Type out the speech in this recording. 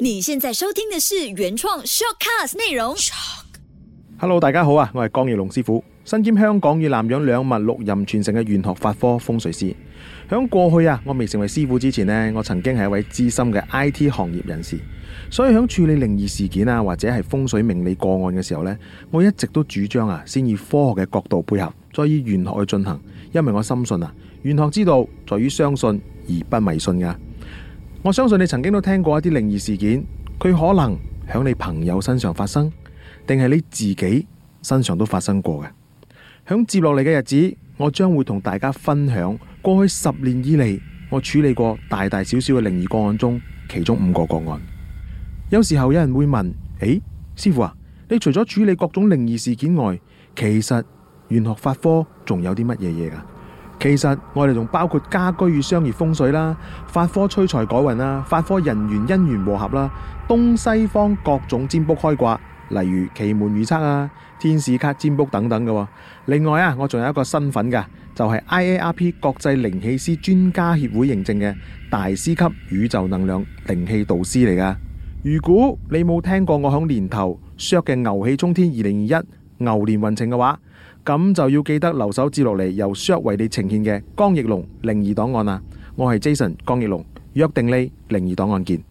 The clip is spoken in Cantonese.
你現在收聽的是原創 shortcast 內容。Hello，大家好啊，我係江奕龍師傅，身兼香港與南洋兩脈六壬傳承嘅玄學法科風水師。響過去啊，我未成為師傅之前咧,我曾經係一位資深嘅 IT 行業人士，所以響處理靈異事件啊或者係風水命理個案嘅時候呢，我一直都主張啊，先以科學嘅角度配合，再以玄學去進行，因為我深信啊，玄學之道在於相信而不迷信噶。我相信你曾經都聽過一啲靈異事件，佢可能喺你朋友身上發生，定係你自己身上都發生過嘅。響接落嚟嘅日子，我將會同大家分享過去十年以嚟我處理過大大小小嘅靈異個案中，其中五個個案。有時候有人會問：誒，師傅啊，你除咗處理各種靈異事件外，其實玄學法科仲有啲乜嘢嘢㗎？其實我哋仲包括家居與商業風水啦，法科催財改運啦，法科人緣姻緣和合啦，東西方各種占卜開卦，例如奇門預測啊、天使卡占卜等等嘅。另外啊，我仲有一個身份噶，就係、是、I A R P 國際靈氣師專家協會認證嘅大師級宇宙能量靈氣導師嚟噶。如果你冇聽過我響年頭削嘅牛氣沖天二零二一，牛年運程嘅話，咁就要記得留守接落嚟由 Sir 為你呈現嘅江奕龍靈異檔案啦。我係 Jason 江奕龍，約定你靈異檔案見。